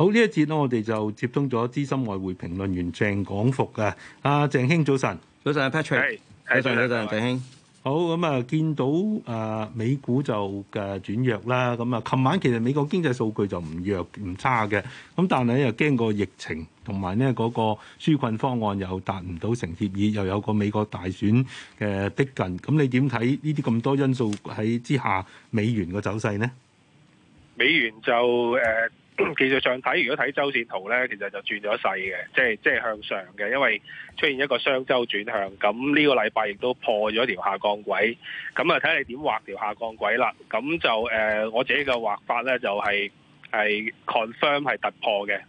好呢一節咧，我哋就接通咗資深外匯評論員鄭廣復啊，阿鄭兄早晨，早晨 Patrick，早晨早晨，鄭兄。好咁啊，見到誒、啊、美股就嘅轉弱啦。咁啊，琴晚其實美國經濟數據就唔弱唔差嘅。咁但係又驚個疫情，同埋呢嗰、那個紓困方案又達唔到成協議，又有個美國大選嘅逼近。咁你點睇呢啲咁多因素喺之下美元個走勢呢？美元，美元就誒。呃其實上睇，如果睇周線圖呢，其實就轉咗勢嘅，即係即係向上嘅，因為出現一個雙周轉向。咁呢個禮拜亦都破咗條下降軌，咁啊睇你點畫條下降軌啦。咁就誒、呃、我自己嘅畫法呢，就係、係、係 confirm 係突破嘅。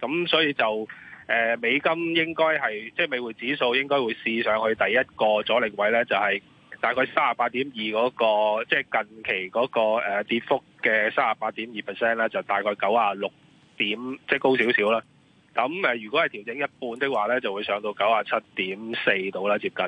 咁所以就誒、呃、美金應該係即係美匯指數應該會試上去第一個阻力位呢，就係、係、大概三十八點二嗰個，即、就、係、係、近期嗰、嗰個、呃、跌幅。嘅三十八點二 percent 咧，就大概九啊六點，即係高少少啦。咁誒，如果係調整一半的話咧，就會上到九啊七點四度啦，接近。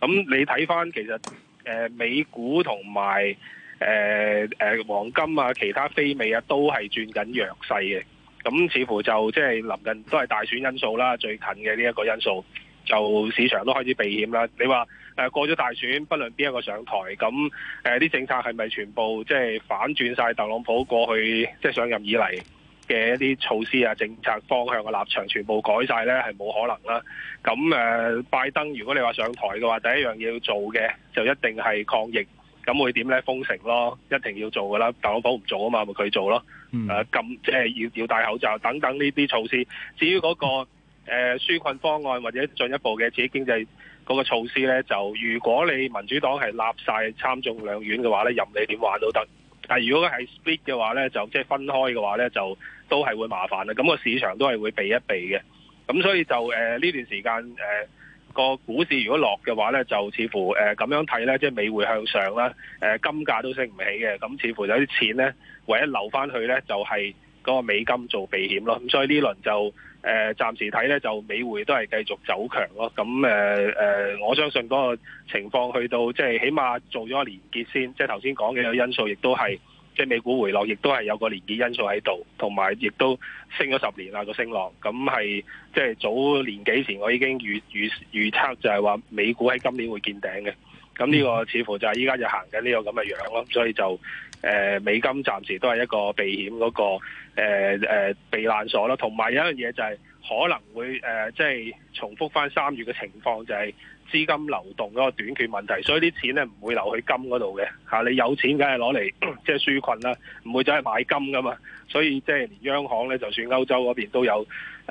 咁你睇返其實誒、呃、美股同埋誒誒黃金啊，其他非美啊，都係轉緊弱勢嘅。咁似乎就即係臨近都係大選因素啦，最近嘅呢一個因素。就市場都開始避險啦。你話誒過咗大選，不論邊一個上台，咁誒啲政策係咪全部即係、就是、反轉晒特朗普過去即係、就是、上任以嚟嘅一啲措施啊、政策方向嘅立場，全部改晒呢？係冇可能啦。咁誒、呃、拜登如果你話上台嘅話，第一樣要做嘅就一定係抗疫，咁會點呢？封城咯，一定要做噶啦。特朗普唔做啊嘛，咪、就、佢、是、做咯。誒即係要要戴口罩等等呢啲措施。至於嗰、那個。嗯誒紓困方案或者進一步嘅刺激經濟嗰個措施咧，就如果你民主黨係立晒參眾兩院嘅話咧，任你點玩都得。但係如果係 split 嘅話咧，就即係、就是、分開嘅話咧，就都係會麻煩啦。咁、那個市場都係會避一避嘅。咁所以就誒呢、呃、段時間誒、呃、個股市如果落嘅話咧，就似乎誒咁、呃、樣睇咧，即係美匯向上啦。誒、呃、金價都升唔起嘅，咁似乎有啲錢咧，唯一留翻去咧就係、是、嗰個美金做避險咯。咁所以呢輪就。誒、呃，暫時睇咧就美匯都係繼續走強咯。咁誒誒，我相信嗰個情況去到即係、就是、起碼做咗連結先，即係頭先講嘅個因素，亦都係即係美股回落，亦都係有個連結因素喺度，同埋亦都升咗十年啦、那個升浪。咁係即係早年幾前，我已經預預預測就係話美股喺今年會見頂嘅。咁呢個似乎就係依家就行緊呢個咁嘅樣咯，所以就誒、呃、美金暫時都係一個避險嗰、那個誒、呃呃、避難所咯，同埋有一樣嘢就係可能會誒即係重複翻三月嘅情況，就係、是。資金流動嗰個短缺問題，所以啲錢咧唔會流去金嗰度嘅嚇。你有錢梗係攞嚟即係紓困啦，唔會淨係買金噶嘛。所以即係連央行咧，就算歐洲嗰邊都有誒、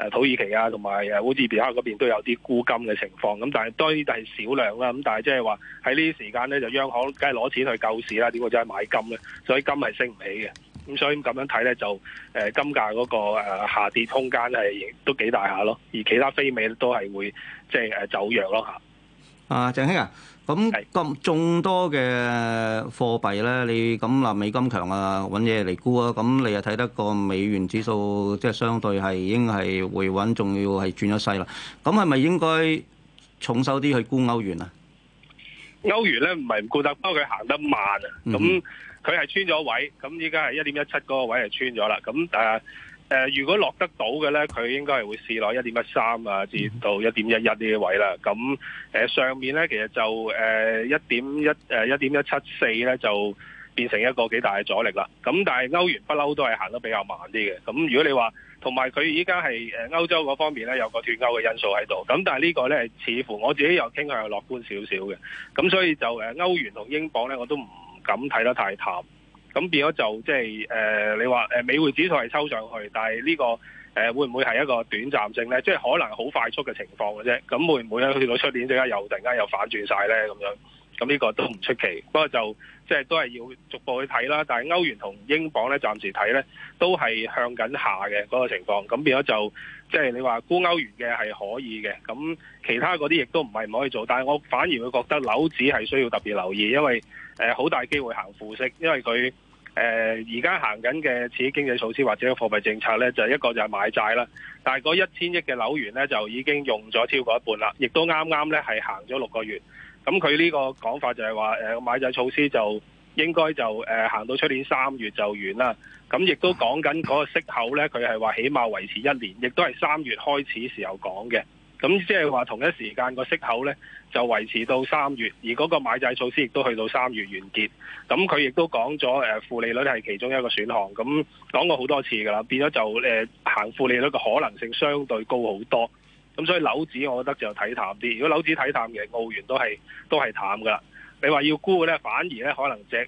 啊、土耳其啊，同埋誒烏茲別克嗰邊都有啲沽金嘅情況。咁、啊、但係都係少量啦。咁、啊、但係即係話喺呢啲時間咧，就央行梗係攞錢去救市啦、啊。點會淨係買金咧？所以金係升唔起嘅。咁、啊、所以咁樣睇咧，就誒、啊、金價嗰個下跌空間係都幾大下咯。而其他非美都係會即係誒走弱咯嚇。啊，鄭興啊，咁咁眾多嘅貨幣咧，你咁嗱美金強啊，揾嘢嚟沽啊，咁你又睇得個美元指數，即係相對係已經係回穩，仲要係轉咗勢啦。咁係咪應該重手啲去沽歐元啊？歐元咧唔係唔沽得，不過佢行得慢啊。咁佢係穿咗位，咁依家係一點一七嗰個位係穿咗啦。咁誒。誒、呃，如果落得到嘅呢，佢應該係會試落一點一三啊，至到一點一一呢啲位啦。咁、嗯、誒、呃、上面呢，其實就誒一點一誒一點一七四呢，就變成一個幾大嘅阻力啦。咁、嗯、但係歐元不嬲都係行得比較慢啲嘅。咁、嗯、如果你話同埋佢依家係誒歐洲嗰方面呢，有個脫歐嘅因素喺度。咁、嗯、但係呢個呢，似乎我自己又傾向樂觀少少嘅。咁、嗯、所以就誒、呃、歐元同英鎊呢，我都唔敢睇得太淡。咁變咗就即係誒，你話誒美匯指數係抽上去，但係呢、這個誒、呃、會唔會係一個短暫性呢？即、就、係、是、可能好快速嘅情況嘅啫。咁會唔會咧？佢到出年即刻又突然間又反轉晒呢？咁樣咁呢個都唔出奇。不過就即係、就是、都係要逐步去睇啦。但係歐元同英鎊呢，暫時睇呢都係向緊下嘅嗰、那個情況。咁變咗就即、是、係、就是、你話沽歐元嘅係可以嘅。咁其他嗰啲亦都唔係唔可以做。但係我反而會覺得樓指係需要特別留意，因為誒好大機會行負息，因為佢。誒而家行緊嘅刺激經濟措施或者貨幣政策呢，就一個就係買債啦。但係嗰一千億嘅樓元呢，就已經用咗超過一半啦。亦都啱啱呢係行咗六個月。咁佢呢個講法就係話，誒、呃、買債措施就應該就誒、呃、行到出年三月就完啦。咁、嗯、亦都講緊嗰個息口呢，佢係話起碼維持一年，亦都係三月開始時候講嘅。咁即係話同一時間個息口呢就維持到三月，而嗰個買債措施亦都去到三月完結。咁佢亦都講咗誒負利率係其中一個選項。咁講過好多次㗎啦，變咗就誒、呃、行負利率嘅可能性相對高好多。咁所以樓指我覺得就睇淡啲。如果樓指睇淡嘅，澳元都係都係淡㗎啦。你話要沽呢，反而呢可能隻誒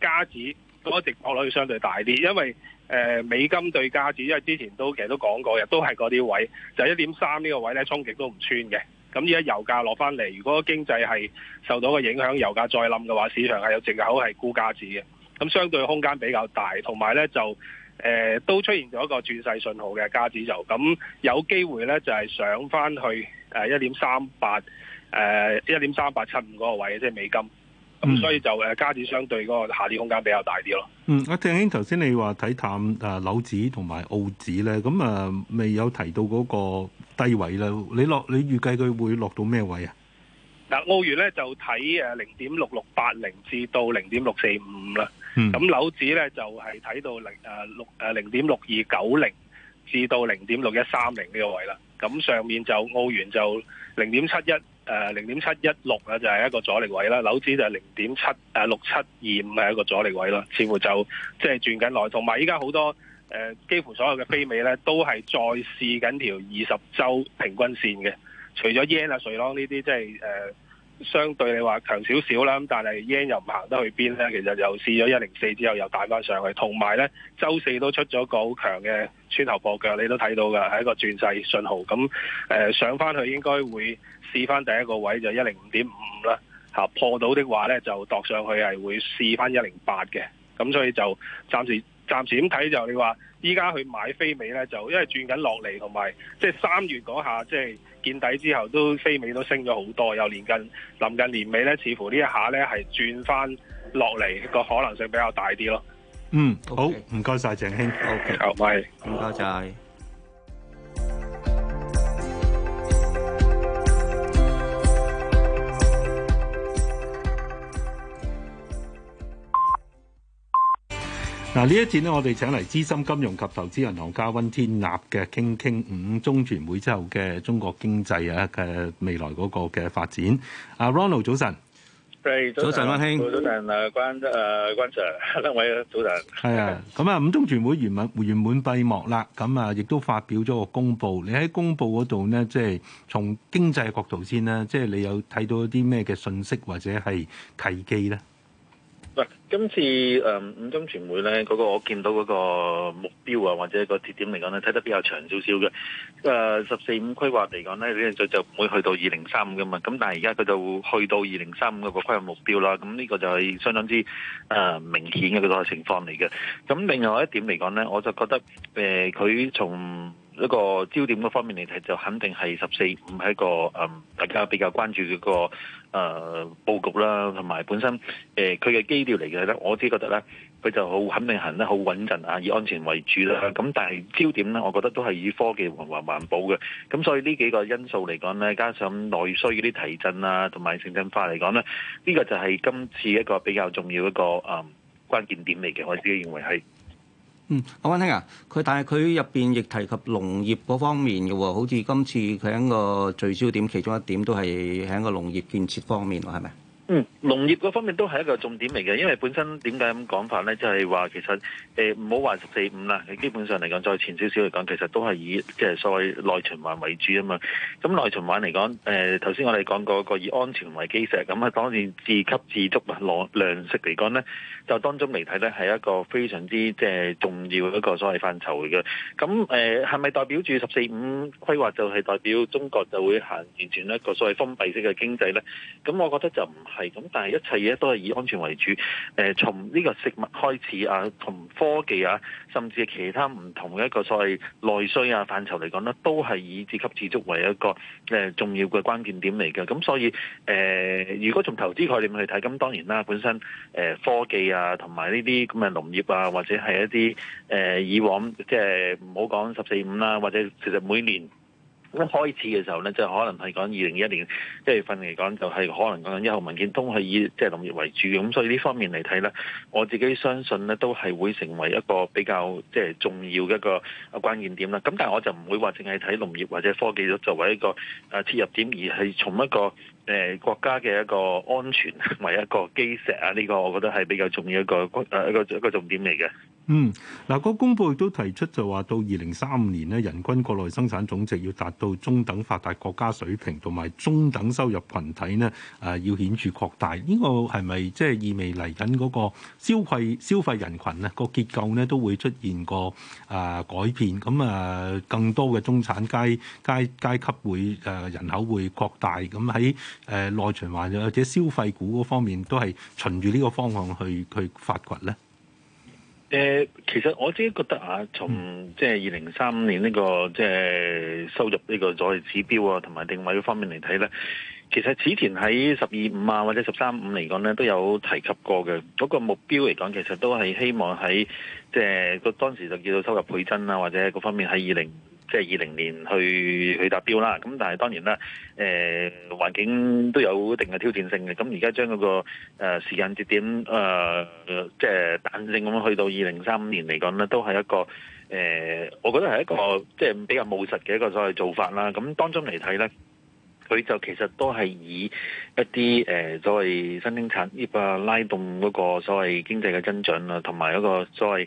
加、呃、指。咁一直攞率要相對大啲，因為誒、呃、美金對加指，因為之前都其實都講過嘅，都係嗰啲位，就係一點三呢個位咧衝擊都唔穿嘅。咁而家油價落翻嚟，如果經濟係受到個影響，油價再冧嘅話，市場係有藉口係沽加指嘅。咁相對空間比較大，同埋咧就誒、呃、都出現咗一個轉勢信號嘅加指就咁有機會咧就係、是、上翻去誒一點三八誒一點三八七五嗰個位嘅即係美金。咁所以就誒，加紙相對嗰個下跌空間比較大啲咯。嗯，阿鄭兄頭先你話睇淡誒紐紙同埋澳紙咧，咁啊未有提到嗰個低位啦。你落你預計佢會落到咩位啊？嗱、嗯，澳元咧就睇誒零點六六八零至到零點六四五啦。嗯。咁紐紙咧就係、是、睇到零誒六誒零點六二九零至到零點六一三零呢個位啦。咁上面就澳元就零點七一。誒零點七一六啊，就係一個阻力位啦。紐子就係零點七誒六七二五係一個阻力位啦。似乎就即係轉緊來，同埋依家好多誒、呃、幾乎所有嘅非美咧，都係再試緊條二十週平均線嘅。除咗耶啊瑞朗呢啲，即係誒。相對你話強少少啦，咁但係 yen 又唔行得去邊咧？其實又試咗一零四之後又彈翻上去。同埋咧周四都出咗個好強嘅穿頭破腳，你都睇到㗎，係一個轉勢信號。咁誒、呃、上翻去應該會試翻第一個位就一零五點五五啦，嚇、啊、破到的話咧就度上去係會試翻一零八嘅。咁所以就暫時暫時點睇，就你話依家去買非美咧，就因為轉緊落嚟同埋即係三月嗰下即係。就是見底之後都非美都升咗好多，又臨近臨近年尾咧，似乎一呢一下咧係轉翻落嚟個可能性比較大啲咯。嗯，好，唔該曬鄭兄，好、okay. oh, bye，拜，唔該晒。嗱呢一戰咧，我哋請嚟資深金融及投資銀行家溫天納嘅，傾傾五中全會之後嘅中國經濟啊嘅未來嗰個嘅發展。阿 Ronald 早晨，早晨溫兄，早晨啊關啊關 Sir 兩位早晨，係啊。咁兄、呃、啊，啊，啊五中全會圓滿圓滿閉幕啦，咁啊亦都發表咗個公布。你喺公布嗰度呢，即係從經濟角度先啦，即係你有睇到啲咩嘅信息或者係契機咧？今次誒五中全會咧，嗰、那個我見到嗰個目標啊，或者個貼點嚟講咧，睇得比較長少少嘅。誒、呃、十四五規劃嚟講咧，咧就就唔會去到二零三五嘅嘛。咁但係而家佢就去到二零三五嘅個規劃目標啦。咁呢個就係相當之誒、呃、明顯嘅個情況嚟嘅。咁另外一點嚟講咧，我就覺得誒佢、呃、從一個焦點嘅方面嚟睇，就肯定係十四五係一個誒、呃、大家比較關注嘅、那個。誒、呃、佈局啦，同埋本身誒佢嘅基調嚟嘅咧，我自己覺得咧，佢就好肯定行得好穩陣啊，以安全為主啦。咁但係焦點咧，我覺得都係以科技同埋環、環保嘅。咁所以呢幾個因素嚟講咧，加上內需嗰啲提振啊，同埋城鎮化嚟講咧，呢、呢個就係今次一個比較重要一個誒、呃、關鍵點嚟嘅。我自己認為係。嗯，阿溫兄啊，佢但係佢入邊亦提及農業嗰方面嘅喎，好似今次佢喺個聚焦點，其中一點都係喺個農業建設方面喎，係咪？嗯，農業嗰方面都係一個重點嚟嘅，因為本身點解咁講法呢？就係話其實誒唔好話十四五啦，係、呃、基本上嚟講，再前少少嚟講，其實都係以即係所謂內循環為主啊嘛。咁內循環嚟講，誒頭先我哋講過一個以安全為基石，咁啊當然自給自足啊，糧食嚟講呢，就當中嚟睇呢係一個非常之即係重要嘅一個所謂範疇嚟嘅。咁誒係咪代表住十四五規劃就係代表中國就會行完全一個所謂封閉式嘅經濟呢？咁我覺得就唔係咁，但係一切嘢都係以安全為主。誒、呃，從呢個食物開始啊，同科技啊，甚至其他唔同嘅一個所謂內需啊範疇嚟講呢，都係以自給自足為一個誒、呃、重要嘅關鍵點嚟嘅。咁所以誒、呃，如果從投資概念去睇，咁當然啦，本身誒、呃、科技啊，同埋呢啲咁嘅農業啊，或者係一啲誒、呃、以往即係唔好講十四五啦，就是、15，或者其實每年。咁開始嘅時候咧，即係可能係講二零二一年一月份嚟講，就係可能講緊一號文件都係以即係農業為主，咁所以呢方面嚟睇咧，我自己相信咧都係會成為一個比較即係重要嘅一個關鍵點啦。咁但係我就唔會話淨係睇農業或者科技作作為一個啊切入點，而係從一個誒國家嘅一個安全為一個基石啊，呢個我覺得係比較重要一個誒一個一個重點嚟嘅。嗯，嗱、那，個公佈亦都提出就話，到二零三五年咧，人均國內生產總值要達到中等發達國家水平，同埋中等收入群體呢啊、呃，要顯著擴大。呢個係咪即係意味嚟緊嗰個消費消費人群呢個結構呢都會出現個啊、呃、改變？咁啊，更多嘅中產階階階、階級會誒人口會擴大。咁喺誒內循環或者消費股嗰方面，都係循住呢個方向去去發掘咧。誒，其實我自己覺得啊，從即係二零三五年呢個即係收入呢個阻力指標啊，同埋定位方面嚟睇咧，其實此前喺十二五啊或者十三五嚟講咧，都有提及過嘅嗰、那個目標嚟講，其實都係希望喺即係個當時就叫做收入倍增啊，或者各方面喺二零。即係二零年去去達標啦，咁但係當然啦，誒、呃、環境都有一定嘅挑戰性嘅，咁而家將嗰、那個誒、呃、時間節點即係、呃呃就是、彈性咁去到二零三五年嚟講咧，都係一個誒、呃，我覺得係一個即係、就是、比較務實嘅一個所謂做法啦。咁、嗯、當中嚟睇咧，佢就其實都係以。一啲誒、呃、所謂新興產業啊，拉動嗰個所謂經濟嘅增長啦，同、啊、埋一個所謂誒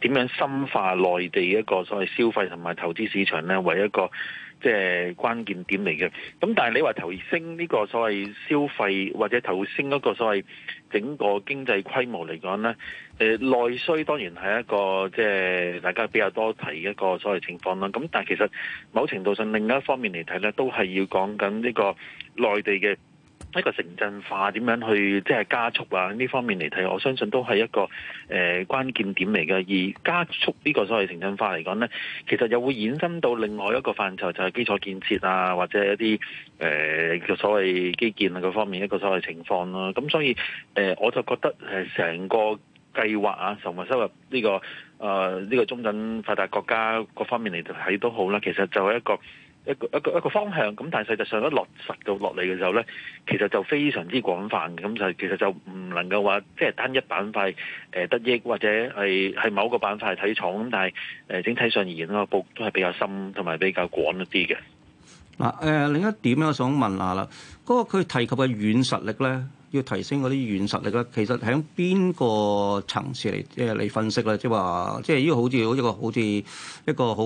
點、呃、樣深化內地一個所謂消費同埋投資市場咧，為一個即係、就是、關鍵點嚟嘅。咁但係你話提升呢個所謂消費或者提升嗰個所謂整個經濟規模嚟講咧，誒、呃、內需當然係一個即係、就是、大家比較多提一個所謂情況啦。咁但係其實某程度上另一方面嚟睇咧，都係要講緊、這、呢個。內地嘅一個城鎮化點樣去即係加速啊？呢方面嚟睇，我相信都係一個誒、呃、關鍵點嚟嘅。而加速呢個所謂城鎮化嚟講呢，其實又會衍生到另外一個範疇，就係、是、基礎建設啊，或者一啲誒嘅所謂基建啊嗰方面一個所謂情況咯、啊。咁所以誒、呃，我就覺得誒成個計劃啊，同埋收入呢、這個誒呢、呃這個中等發達國家各方面嚟睇都好啦。其實就係一個。一個一個一個方向咁，但係實際上一落實到落嚟嘅時候咧，其實就非常之廣泛。咁就其實就唔能夠話即係單一板塊誒、呃、得益，或者係係某個板塊睇重。咁但係誒整體上而言咯，個波都係比較深同埋比較廣一啲嘅。啊、呃，誒另一點我想問下啦，嗰、那個佢提及嘅軟實力咧。要提升嗰啲軟實力咧，其實喺邊個層次嚟即係你分析咧？即係話，即係呢個好似好一個好似一個好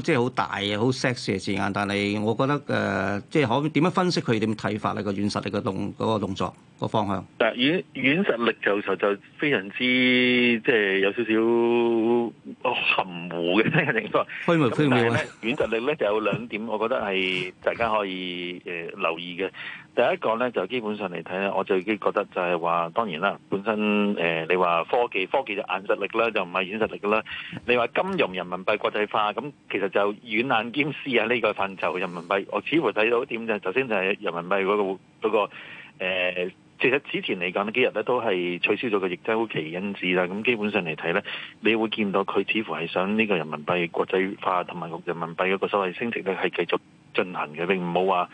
即係好大嘅好 sexy 嘅字眼，但係我覺得誒、呃，即係可點樣分析佢點睇法咧？這個軟實力嘅動嗰、這個動作、這個方向， 但軟軟實力就就非常之即係有少少含、哦、糊嘅即係情況。飛咪飛咪。 軟實力咧就有兩點，我覺得係大家可以誒、呃呃、留意嘅。第一個咧就基本上嚟睇咧，我就已經覺得就係話當然啦，本身誒、呃、你話科技科技就硬實力啦，就唔係軟實力噶啦。你話金融人民幣國際化咁，其實就軟硬兼施啊呢、這個範疇人民幣。我似乎睇到點就首先就係人民幣嗰、那個嗰、那個呃、其實此前嚟講咧幾日咧都係取消咗個逆週期因子啦。咁基本上嚟睇咧，你會見到佢似乎係想呢個人民幣國際化同埋個人民幣一個所謂升值咧係繼續進行嘅，並唔好話。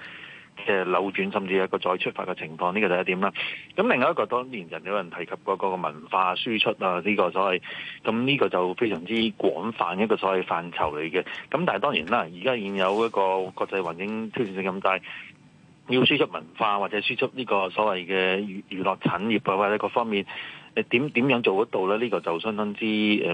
嘅扭轉，甚至係一個再出發嘅情況，呢個就係第一點啦。咁另外一個當然，人有人提及過嗰個文化輸出啊，呢個所謂咁呢個就非常之廣泛一個所謂範疇嚟嘅。咁但係當然啦，而家現有一個國際環境挑戰性咁大，要輸出文化或者輸出呢個所謂嘅娛娛樂產業啊，或者各方面，誒點點樣做得到呢？呢、這個就相當之誒，即、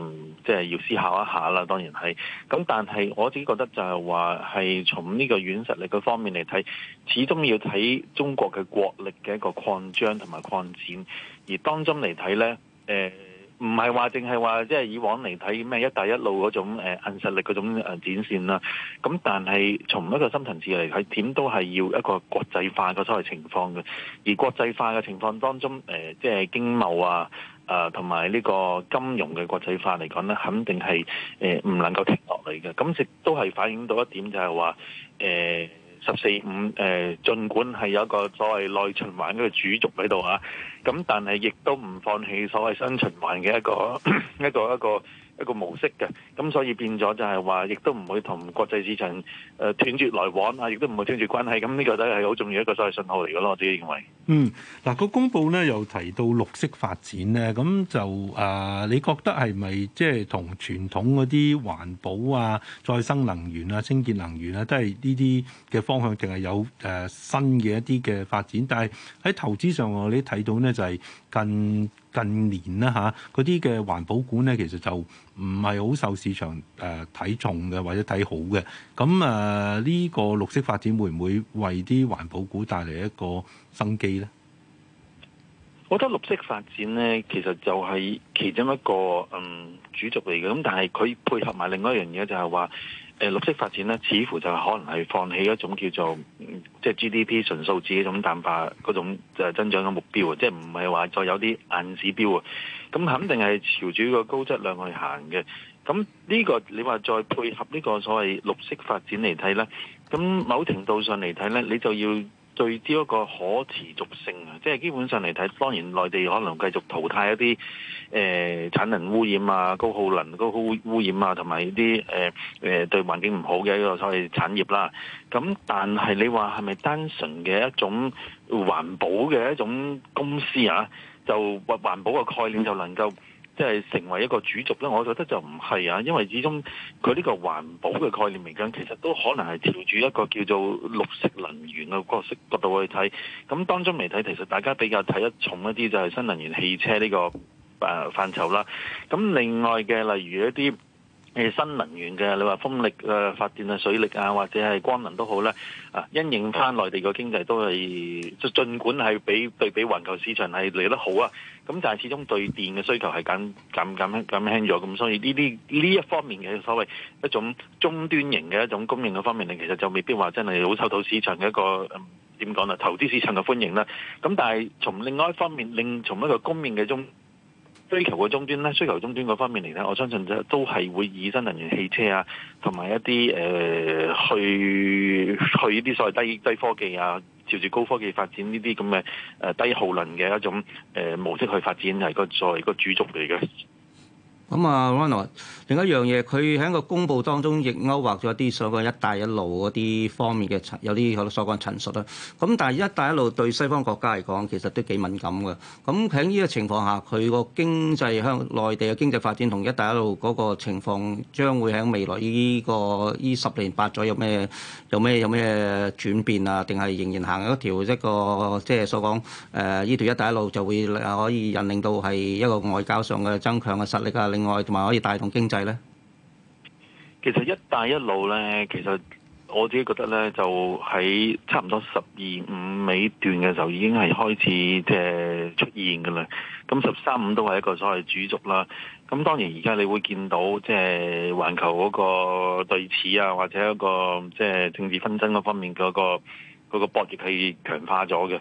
呃、係、就是、要思考一下啦。當然係，咁但係我自己覺得就係話係從呢個軟實力嗰方面嚟睇，始終要睇中國嘅國力嘅一個擴張同埋擴展。而當中嚟睇呢。誒、呃。唔係話淨係話即係以往嚟睇咩一帶一路嗰種誒硬、呃、實力嗰種展現啦，咁、嗯、但係從一個深層次嚟睇，點都係要一個國際化嘅所謂情況嘅。而國際化嘅情況當中，誒、呃、即係經貿啊，誒同埋呢個金融嘅國際化嚟講咧，肯定係誒唔能夠停落嚟嘅。咁亦都係反映到一點就係話誒。呃十四五誒，儘管係有一個所謂內循環嗰主軸喺度啊，咁但係亦都唔放棄所謂雙循環嘅一， 一個一個一個。一個模式嘅，咁所以變咗就係話，亦都唔會同國際市場誒斷絕來往啊，亦都唔會斷絕關係。咁呢個都係好重要一個所謂信號嚟嘅咯，我自己認為。嗯，嗱個公報咧又提到綠色發展咧，咁就啊，你覺得係咪即係同傳統嗰啲環保啊、再生能源啊、清潔能源啊，都係呢啲嘅方向，定係有誒新嘅一啲嘅發展？但係喺投資上，我哋睇到咧就係近。近年啦吓嗰啲嘅環保股咧，其實就唔係好受市場誒睇重嘅，或者睇好嘅。咁誒呢個綠色發展會唔會為啲環保股帶嚟一個生機咧？我覺得綠色發展咧，其實就係其中一個嗯主軸嚟嘅。咁但係佢配合埋另外一樣嘢，就係話。誒、呃、綠色發展咧，似乎就可能係放棄一種叫做即係、嗯就是、GDP 純數字一種淡化嗰種誒增長嘅目標，即係唔係話再有啲硬指標啊，咁肯定係朝住個高質量去行嘅。咁呢、呢個你話再配合呢個所謂綠色發展嚟睇咧，咁某程度上嚟睇咧，你就要。對呢一個可持續性啊，即係基本上嚟睇，當然內地可能繼續淘汰一啲誒、呃、產能污染啊、高耗能、高污染啊，同埋啲誒誒對環境唔好嘅一個所謂產業啦。咁但係你話係咪單純嘅一種環保嘅一種公司啊，就環保嘅概念就能夠？即係成為一個主軸咧，我覺得就唔係啊，因為始終佢呢個環保嘅概念嚟講，其實都可能係朝住一個叫做綠色能源嘅角色角度去睇。咁當中嚟睇，其實大家比較睇得重一啲，就係新能源汽車呢個誒範疇啦。咁另外嘅例如一啲。誒新能源嘅，你話風力誒、呃、發電啊、水力啊，或者係光能都好啦。啊，因應翻內地個經濟都係，即儘管係比對比環球市場係嚟得好啊，咁、嗯、但係始終對電嘅需求係減減減減輕咗，咁、嗯、所以呢啲呢一方面嘅所謂一種終端型嘅一種供應嘅方面，你其實就未必話真係好受到市場嘅一個點講啦，投資市場嘅歡迎啦。咁、嗯、但係從另外一方面，另從一個供應嘅中。需求嘅終端咧，需求終端嗰方面嚟睇，我相信就都係會以新能源汽車啊，同埋一啲誒、呃、去去呢啲所謂低低科技啊，照住高科技發展呢啲咁嘅誒低耗能嘅一種誒、呃、模式去發展，係個作為個主軸嚟嘅。咁啊，Ronald，另一樣嘢，佢響個公布當中亦勾畫咗一啲所謂一帶一路嗰啲方面嘅陳，有啲所講陳述啦。咁但係一帶一路對西方國家嚟講其實都幾敏感嘅。咁響呢個情況下，佢個經濟響內地嘅經濟發展同一帶一路嗰個情況將會喺未來呢個呢十年八載有咩有咩有咩轉變啊？定係仍然行一條一個即係所講誒呢條一帶一路就會誒可以引領到係一個外交上嘅增強嘅實力啊！另外同埋可以帶動經濟呢，其實一帶一路呢，其實我自己覺得呢，就喺差唔多十二五尾段嘅時候已經係開始即係出現噶啦。咁十三五都係一個所謂主軸啦。咁當然而家你會見到即係環球嗰個對峙啊，或者一個即係政治紛爭嗰方面嗰、嗰個、嗰個博弈係強化咗嘅。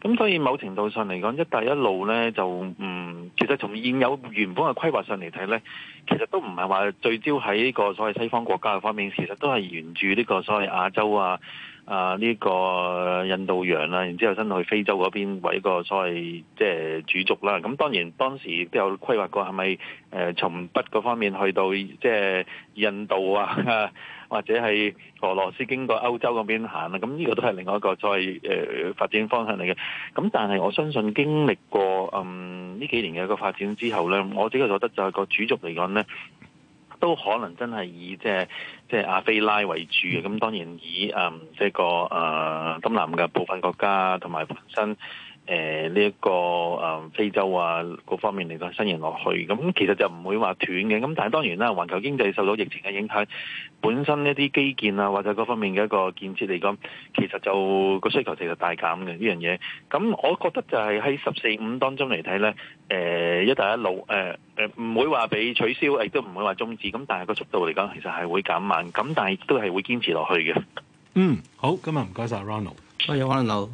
咁所以某程度上嚟講，一帶一路咧就唔、嗯，其實從現有原本嘅規劃上嚟睇咧，其實都唔係話聚焦喺呢個所謂西方國家嘅方面，其實都係沿住呢個所謂亞洲啊啊呢、這個印度洋啊，然之後伸去非洲嗰邊為為個所謂即係主軸啦、啊。咁當然當時都有規劃過是是、呃，係咪誒從北嗰方面去到即係印度啊？啊或者係俄羅斯經過歐洲嗰邊行啦，咁呢個都係另外一個再誒、呃、發展方向嚟嘅。咁但係我相信經歷過嗯呢幾年嘅一個發展之後呢，我自己覺得就係個主軸嚟講呢，都可能真係以即係即係亞非拉為主嘅。咁當然以啊，即、嗯、係、這個啊、呃、東南嘅部分國家同埋本身。誒呢一個誒、呃、非洲啊各方面嚟講，新型落去咁，其實就唔會話斷嘅。咁但係當然啦，環球經濟受到疫情嘅影響，本身一啲基建啊或者各方面嘅一個建設嚟講，其實就、這個需求其實大減嘅呢樣嘢。咁、嗯、我覺得就係喺十四五當中嚟睇咧，誒、呃、一帶一路，誒誒唔會話俾取消，亦都唔會話中止。咁但係個速度嚟講，其實係會減慢。咁但係都係會堅持落去嘅。嗯，好，咁啊，唔該晒 Ronald。